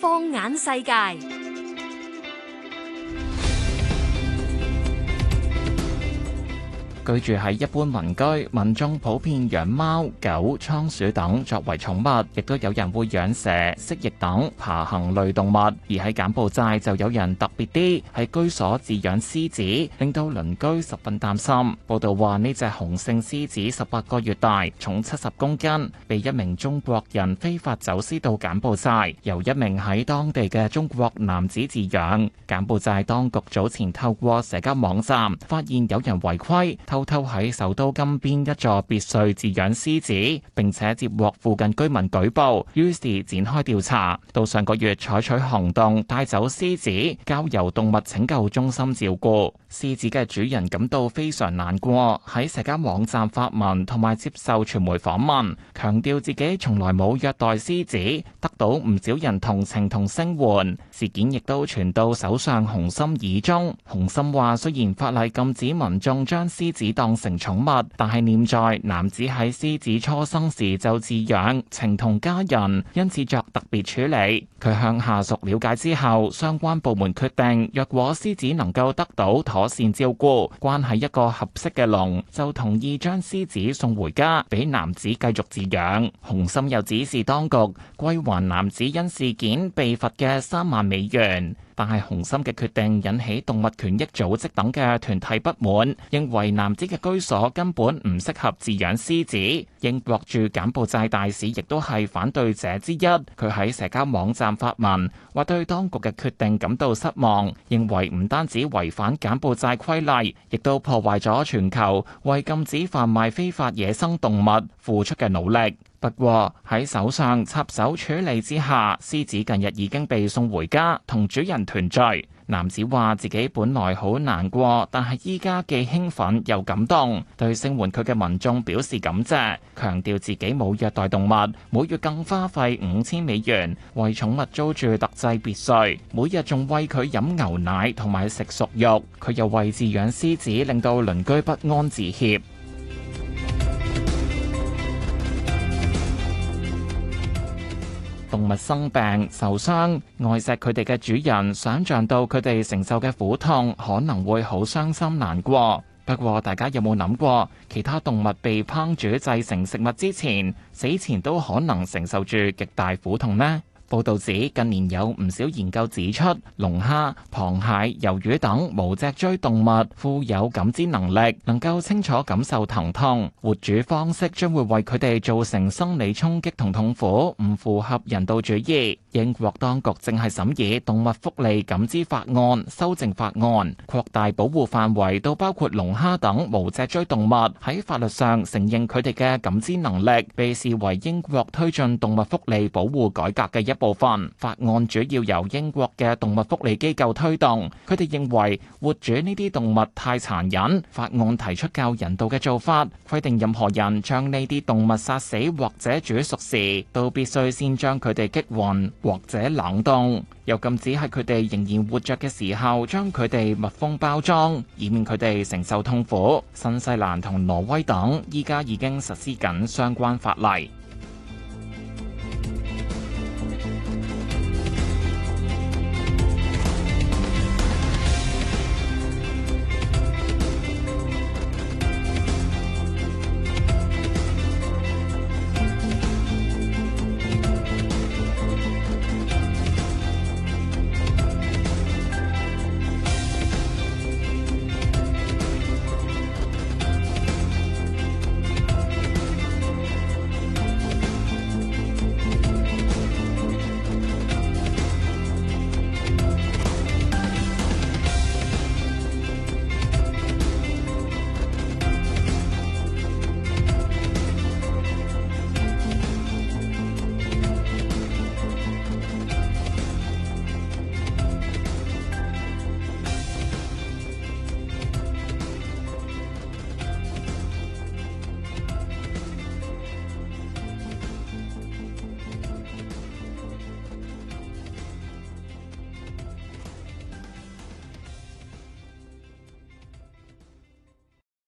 放眼世界。居住喺一般民居，民眾普遍養貓狗、倉鼠等作為寵物，亦都有人會養蛇、蜥蜴等爬行類動物。而喺柬埔寨就有人特別啲，喺居所飼養獅子，令到鄰居十分擔心。報道話呢隻雄性獅子十八個月大，重七十公斤，被一名中國人非法走私到柬埔寨，由一名喺當地嘅中國男子飼養。柬埔寨當局早前透過社交網站發現有人違規。偷偷喺首都金邊一座別墅飼養獅子，並且接獲附近居民舉報，於是展開調查，到上個月採取行動帶走獅子，交由動物拯救中心照顧。獅子嘅主人感到非常難過，喺社交網站發文同埋接受傳媒訪問，強調自己從來冇虐待獅子，得到唔少人同情同聲援。事件亦都傳到首相洪森耳中。洪森話，雖然法例禁止民眾將獅子當成寵物，但係念在男子喺獅子初生時就飼養，情同家人，因此作特別處理。佢向下屬了解之後，相關部門決定，若果獅子能夠得到妥善照顧，關喺一個合適嘅籠，就同意將獅子送回家，俾男子繼續飼養。洪森又指示當局歸還男子因事件被罰嘅三萬美元。但係洪森嘅決定引起動物權益組織等嘅團體不滿，認為男子嘅居所根本唔適合飼養獅子。英國駐柬埔寨大使亦都係反對者之一，佢喺社交網站發文，話對當局嘅決定感到失望，認為唔單止違反柬埔寨規例，亦都破壞咗全球為禁止販賣非法野生動物付出嘅努力。不過喺首相插手處理之下，獅子近日已經被送回家，同主人團聚。男子話自己本來好難過，但係依家既興奮又感動，對聲援佢嘅民眾表示感謝，強調自己冇虐待動物，每月更花費五千美元為寵物租住特製別墅，每日仲餵佢飲牛奶同埋食熟肉。佢又為飼養獅子令到鄰居不安致歉。動物生病受傷，愛錫佢哋嘅主人，想象到佢哋承受嘅苦痛，可能會好傷心難過。不過，大家有冇諗過，其他動物被烹煮製成食物之前，死前都可能承受住極大苦痛呢？報導指，近年有唔少研究指出，龍蝦、螃蟹、魷魚等無脊椎動物富有感知能力，能夠清楚感受疼痛。活煮方式將會為佢哋造成生理衝擊同痛苦，唔符合人道主義。英國當局正係審議動物福利感知法案修正法案，擴大保護範圍，到包括龍蝦等無脊椎動物，喺法律上承認佢哋嘅感知能力，被視為英國推進動物福利保護改革嘅一部分法案主要由英國嘅動物福利機構推動，佢哋認為活煮呢啲動物太殘忍。法案提出較人道嘅做法，規定任何人將呢啲動物殺死或者煮熟時，都必須先將佢哋擊暈或者冷凍，又禁止喺佢哋仍然活着嘅時候將佢哋密封包裝，以免佢哋承受痛苦。新西蘭同挪威等依家已經實施緊相關法例。